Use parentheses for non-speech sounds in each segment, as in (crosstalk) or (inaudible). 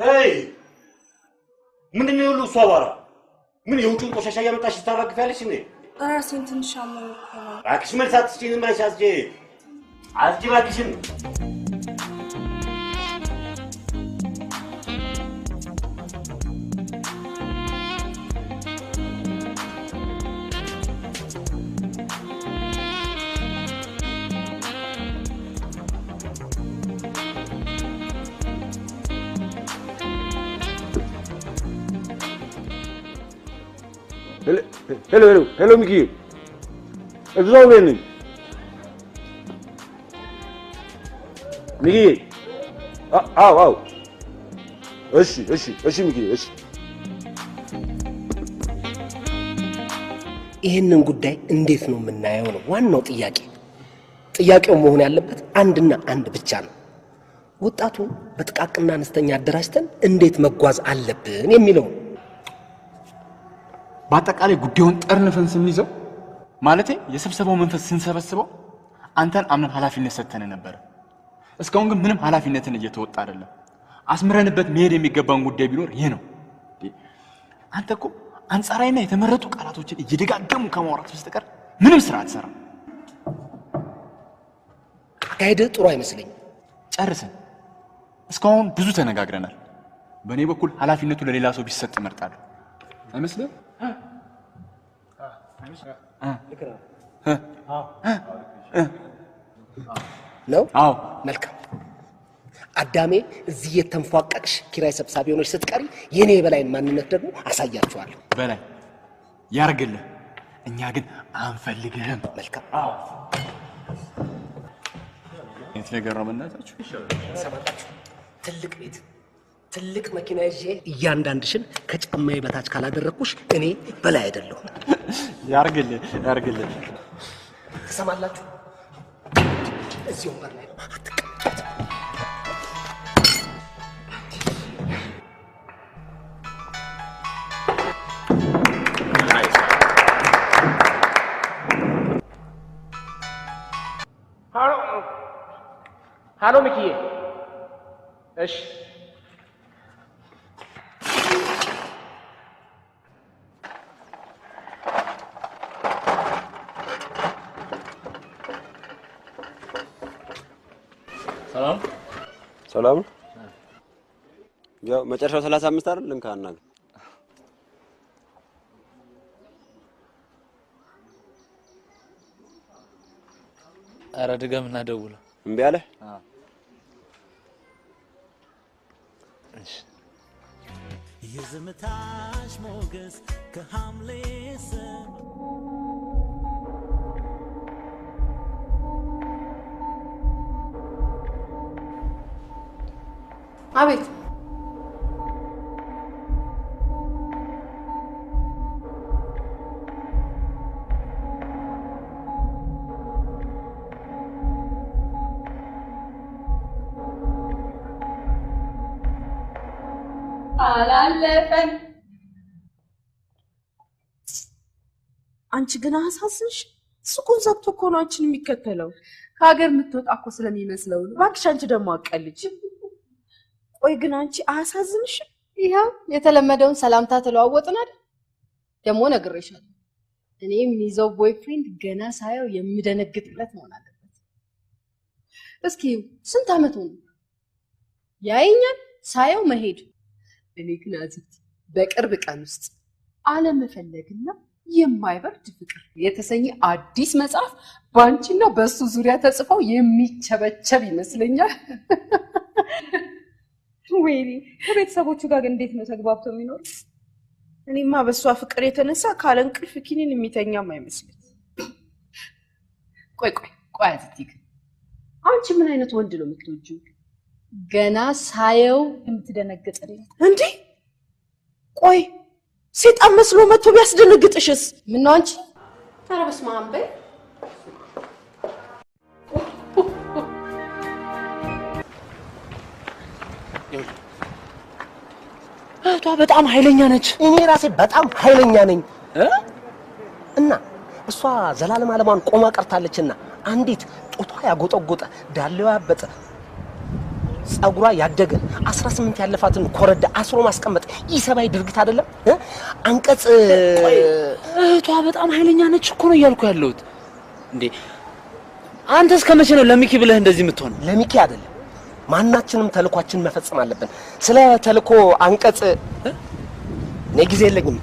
ምንድን ነው የሁሉ እሱ አቧራ? ምን የውጭውን ቆሻሻ እያመጣሽ ታራግፊያለሽ እንዴ? ራሴን ትንሽ አመመኝ እባክሽ መልስ አትስጪ፣ ዝም ብለሽ አስጪ፣ አስጪ እባክሽን Hello, hello, hello, Miki. It's all winning. Miki. አዎ አዎ። እሺ እሺ እሺ ሚኪ እሺ። ይህንን ጉዳይ እንዴት ነው የምናየው ነው ዋናው ጥያቄ። ጥያቄው መሆን ያለበት አንድና አንድ ብቻ ነው። ወጣቱ በጥቃቅና አነስተኛ አደራጅተን እንዴት መጓዝ አለብን የሚለው ነው። በአጠቃላይ ጉዳዩን ጠርንፈን ስንይዘው ማለት የስብሰባው መንፈስ ስንሰበስበው አንተን አምነን ኃላፊነት ሰጥተን ነበር። እስካሁን ግን ምንም ኃላፊነትን እየተወጣ አይደለም። አስምረንበት መሄድ የሚገባን ጉዳይ ቢኖር ይህ ነው። አንተ እኮ አንጻራዊና የተመረጡ ቃላቶችን እየደጋገሙ ከማውራት በስተቀር ምንም ስራ አትሰራም። አካሄድ ጥሩ አይመስለኝም። ጨርስን። እስካሁን ብዙ ተነጋግረናል። በእኔ በኩል ኃላፊነቱ ለሌላ ሰው ቢሰጥ እመርጣለሁ። አይመስልም? ነው። መልካም አዳሜ፣ እዚህ የተንፏቀቅሽ ኪራይ ሰብሳቢ ሆነች ስትቀሪ የኔ የበላይን ማንነት ደግሞ አሳያችኋለሁ። በላይ ያርግልህ፣ እኛ ግን አንፈልግህም። መልካም የት ነገር ነው? ትልቅ ቤት ትልቅ መኪና ይዤ እያንዳንድሽን ከጫማዬ በታች ካላደረግኩሽ እኔ በላይ አይደለሁ። ያርግል ያርግል። ትሰማላችሁ? እዚህ ወንበር ላይ ሀሎ ሚኪዬ፣ እሺ ሰላም ሰላም። ያው መጨረሻው 35 አይደል? ልንካ አረ ድገም እና ደውላ እምቢ አለ። እሺ የዝምታሽ ሞገስ ከሐምሌ አቤት አላለፈን። አንቺ ግን አሳስንሽ። ሱቁን ዘግቶ እኮ ነው አንቺን የሚከተለው። ከሀገር የምትወጣ እኮ ስለሚመስለው ነው። እባክሽ አንቺ ደግሞ አቀልጅ ቆይ ግን አንቺ አያሳዝንሽም? ይኸው የተለመደውን ሰላምታ ተለዋወጥናል። ደግሞ ነግሬሻለሁ፣ እኔ የሚይዘው ቦይፍሬንድ ገና ሳየው የምደነግጥለት መሆን አለበት። እስኪ ስንት አመት ሆነ? ያየኛል፣ ሳየው መሄድ። እኔ ግን አዚት በቅርብ ቀን ውስጥ አለመፈለግና የማይበርድ ፍቅር የተሰኘ አዲስ መጽሐፍ በአንቺና በእሱ ዙሪያ ተጽፎ የሚቸበቸብ ይመስለኛል። (laughs) ወይኔ ከቤተሰቦቹ ጋር እንዴት ነው ተግባብቶ የሚኖር? እኔማ በእሷ ፍቅር የተነሳ ካለ እንቅልፍ ኪኒን የሚተኛም አይመስልም። ቆይ ቆይ ቆይ አትቲክ አንቺ ምን አይነት ወንድ ነው የምትወጂው? ገና ሳየው የምትደነግጥልኝ እንዴ? ቆይ ሴጣን መስሎ መጥቶ ቢያስደነግጥሽስ? ምነው አንቺ ኧረ በስመ አብ በይ እህቷ በጣም ኃይለኛ ነች። እኔ ራሴ በጣም ኃይለኛ ነኝ እና እሷ ዘላለም አለማን ቆማ ቀርታለችና አንዲት ጡቷ ያጎጠጎጠ ዳሌዋ ያበጠ ጸጉሯ ያደገ 18 ያለፋትን ኮረዳ አስሮ ማስቀመጥ ኢሰባዊ ድርጊት አይደለም። አንቀጽ እህቷ በጣም ኃይለኛ ነች እኮ ነው እያልኩ ያለሁት። እንዴ አንተ እስከ መቼ ነው ለሚኪ ብለህ እንደዚህ የምትሆነው? ለሚኪ አይደለም ማናችንም ተልኳችን መፈጸም አለብን። ስለ ተልኮ አንቀጽ እኔ ጊዜ የለኝም።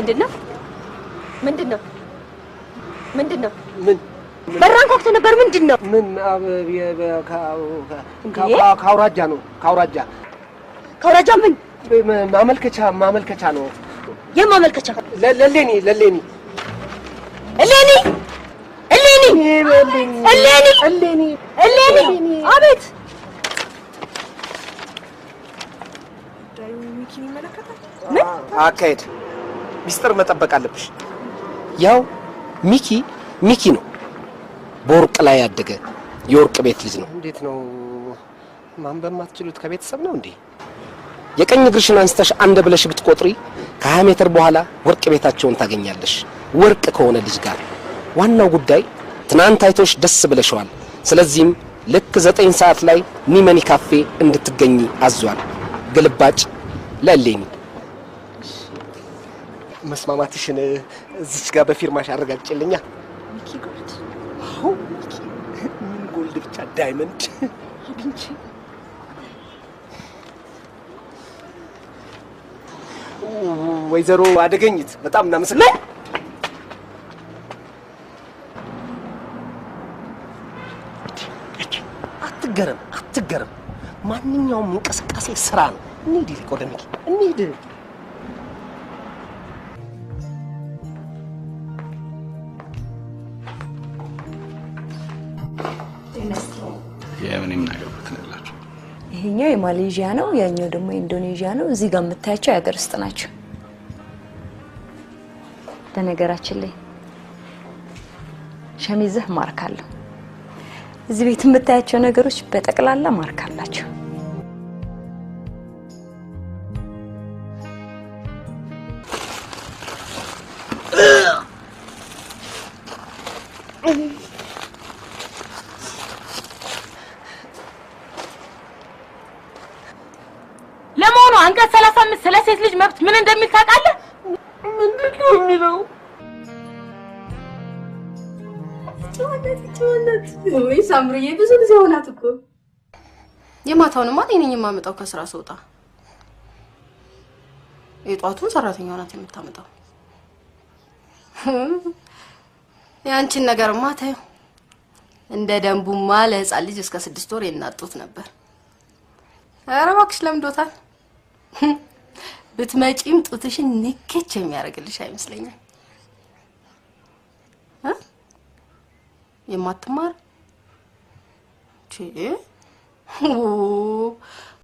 ምንድነው? ምንድነው? ምንድነው? ምን በራን ኮክተህ ነበር? ምንድነው? ምን ከአውራጃ ነው። ከአውራጃ ከአውራጃ ምን ማመልከቻ ማመልከቻ ነው። ማመልከቻ ለሌኒ ለሌኒ እሌኒ እሌኒ እሌኒ እሌኒ አቤት አካሄድ ሚስጥር መጠበቅ አለብሽ። ያው ሚኪ ሚኪ ነው፣ በወርቅ ላይ ያደገ የወርቅ ቤት ልጅ ነው። እንዴት ነው ማንበብ የማትችሉት? ከቤተሰብ ነው እንዴ? የቀኝ እግርሽን አንስተሽ አንድ ብለሽ ብትቆጥሪ ከሀያ ሜትር በኋላ ወርቅ ቤታቸውን ታገኛለሽ። ወርቅ ከሆነ ልጅ ጋር ዋናው ጉዳይ ትናንት አይቶሽ ደስ ብለሽዋል። ስለዚህም ልክ ዘጠኝ ሰዓት ላይ ኒመኒ ካፌ እንድትገኝ አዟል። ግልባጭ ለሌኒ መስማማትሽን እዚች ጋር በፊርማሽ አረጋግጭልኛ። ሚኪ ጎልድ። አዎ ሚኪ፣ ምን ጎልድ ብቻ ዳይመንድ አግኝቼ ወይዘሮ አደገኝት በጣም እናመሰግናለን። አትገረም አትገረም። ማንኛውም እንቅስቃሴ ስራ ነው። እንሂድ ሊቆደሚኪ እንሂድ የምን የምናገርበት ነው ይሄኛው የማሌዥያ ነው፣ ያኛው ደግሞ የኢንዶኔዥያ ነው። እዚህ ጋር የምታያቸው የሀገር ውስጥ ናቸው። በነገራችን ላይ ሸሚዝህ ማርካለሁ። እዚህ ቤት የምታያቸው ነገሮች በጠቅላላ ማርክ አላቸው። ስለ ሴት ልጅ መብት ምን እንደሚል ታውቃለህ? ምንድን ነው የሚለው? ወይ ሳምሩዬ፣ ብዙ ጊዜ ሆናት እኮ የማታውንማ እኔ ነኝ የማመጣው ከስራ ስወጣ። የጧቱን ሰራተኛ ናት የምታመጣው። የአንቺን ነገርማ ተይው። እንደ ደንቡማ ለህፃን ልጅ እስከ ስድስት ወር የናጡት ጡት ነበር። ኧረ እባክሽ ለምዶታል። ብትመጪም ጡትሽን ንክች የሚያደርግልሽ አይመስለኝም የማትማር ቺ